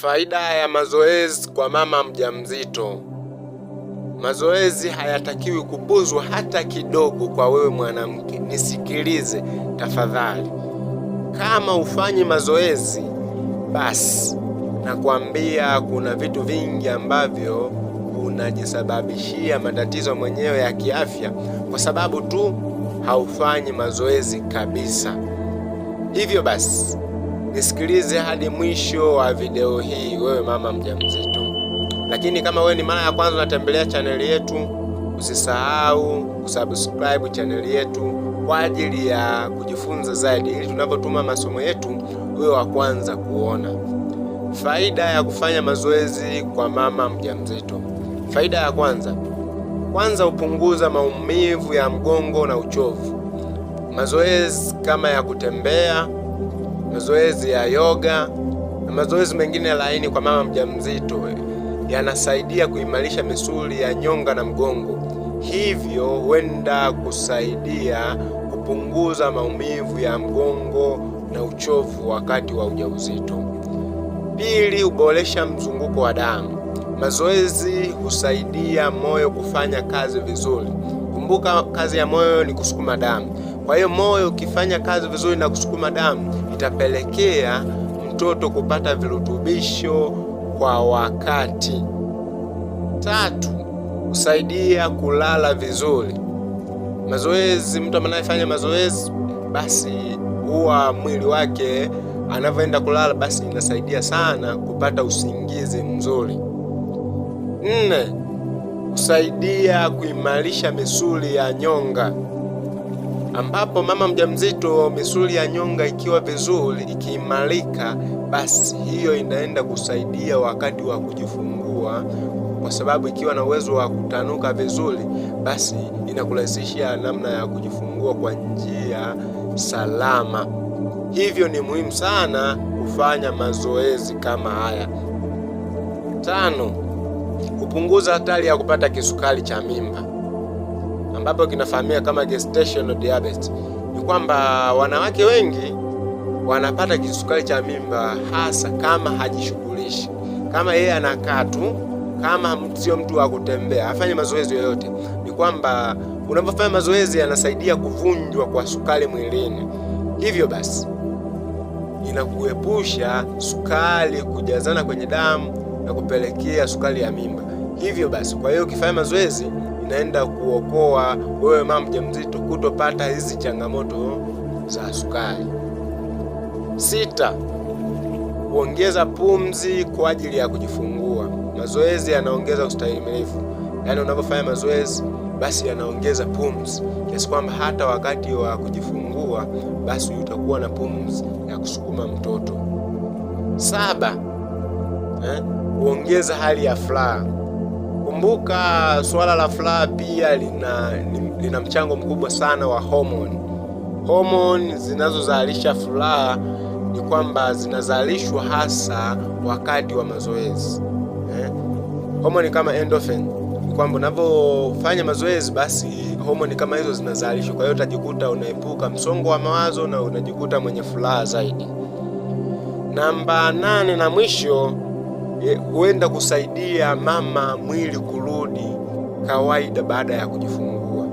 Faida ya mazoezi kwa mama mjamzito. Mazoezi hayatakiwi kupuzwa hata kidogo. Kwa wewe mwanamke, nisikilize tafadhali, kama ufanyi mazoezi basi nakwambia kuna vitu vingi ambavyo unajisababishia matatizo mwenyewe ya kiafya kwa sababu tu haufanyi mazoezi kabisa. Hivyo basi nisikilize hadi mwisho wa video hii, wewe mama mjamzito. Lakini kama wewe ni mara ya kwanza unatembelea chaneli yetu, usisahau kusubscribe chaneli yetu kwa ajili ya kujifunza zaidi, ili tunapotuma masomo yetu wewe wa kwanza kuona. Faida ya kufanya mazoezi kwa mama mjamzito, faida ya kwanza kwanza hupunguza maumivu ya mgongo na uchovu. Mazoezi kama ya kutembea mazoezi ya yoga na mazoezi mengine laini kwa mama mjamzito eh, yanasaidia kuimarisha misuli ya nyonga na mgongo, hivyo huenda kusaidia kupunguza maumivu ya mgongo na uchovu wakati wa ujauzito. Pili, huboresha mzunguko wa damu. Mazoezi husaidia moyo kufanya kazi vizuri. Kumbuka, kazi ya moyo ni kusukuma damu. Kwa hiyo moyo ukifanya kazi vizuri na kusukuma damu itapelekea mtoto kupata virutubisho kwa wakati. Tatu, kusaidia kulala vizuri. Mazoezi, mtu anayefanya mazoezi basi huwa mwili wake anavyoenda kulala basi inasaidia sana kupata usingizi mzuri. Nne, kusaidia kuimarisha misuli ya nyonga ambapo mama mjamzito misuli ya nyonga ikiwa vizuri, ikiimarika, basi hiyo inaenda kusaidia wakati wa kujifungua, kwa sababu ikiwa na uwezo wa kutanuka vizuri, basi inakurahisishia namna ya kujifungua kwa njia salama. Hivyo ni muhimu sana kufanya mazoezi kama haya. Tano, kupunguza hatari ya kupata kisukari cha mimba ambapo kinafahamika kama gestational diabetes, ni kwamba wanawake wengi wanapata kisukari cha mimba hasa kama hajishughulishi, kama yeye anakaa tu, kama sio mtu wa kutembea, afanye mazoezi yoyote. Ni kwamba unapofanya mazoezi yanasaidia kuvunjwa kwa sukari mwilini, hivyo basi inakuepusha sukari kujazana kwenye damu na kupelekea sukari ya mimba. Hivyo basi, kwa hiyo ukifanya mazoezi inaenda kuokoa wewe mama mjamzito kutopata hizi changamoto za sukari. Sita, kuongeza pumzi kwa ajili ya kujifungua. Mazoezi yanaongeza ustahimilivu, yaani unapofanya mazoezi basi yanaongeza pumzi kiasi kwamba hata wakati wa kujifungua basi utakuwa na pumzi ya kusukuma mtoto. Saba, eh, huongeza hali ya furaha Kumbuka swala la furaha pia lina, lina mchango mkubwa sana wa homoni. Homoni zinazozalisha furaha ni kwamba zinazalishwa hasa wakati wa mazoezi eh? Homoni kama endorphin ni kwamba unavyofanya mazoezi basi homoni kama hizo zinazalishwa, kwa hiyo utajikuta unaepuka msongo wa mawazo na unajikuta mwenye furaha zaidi. Namba nane na mwisho Eh, huenda kusaidia mama mwili kurudi kawaida baada ya kujifungua.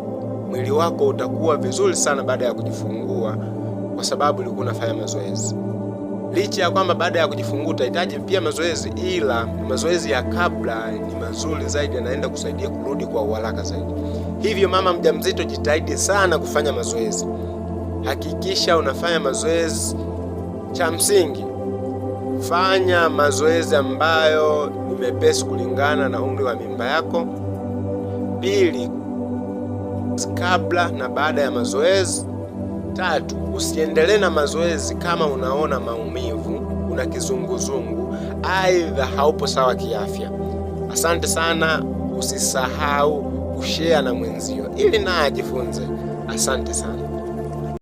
Mwili wako utakuwa vizuri sana baada ya kujifungua, kwa sababu ulikuwa unafanya mazoezi. Licha ya kwamba baada ya kujifungua utahitaji pia mazoezi, ila mazoezi ya kabla ni mazuri zaidi, yanaenda kusaidia kurudi kwa uharaka zaidi. Hivyo mama mjamzito, jitahidi sana kufanya mazoezi, hakikisha unafanya mazoezi. Cha msingi fanya mazoezi ambayo ni mepesi kulingana na umri wa mimba yako. Pili, kabla na baada ya mazoezi. Tatu, usiendelee na mazoezi kama unaona maumivu, una kizunguzungu, aidha haupo sawa kiafya. Asante sana, usisahau kushare na mwenzio ili naye ajifunze. Asante sana.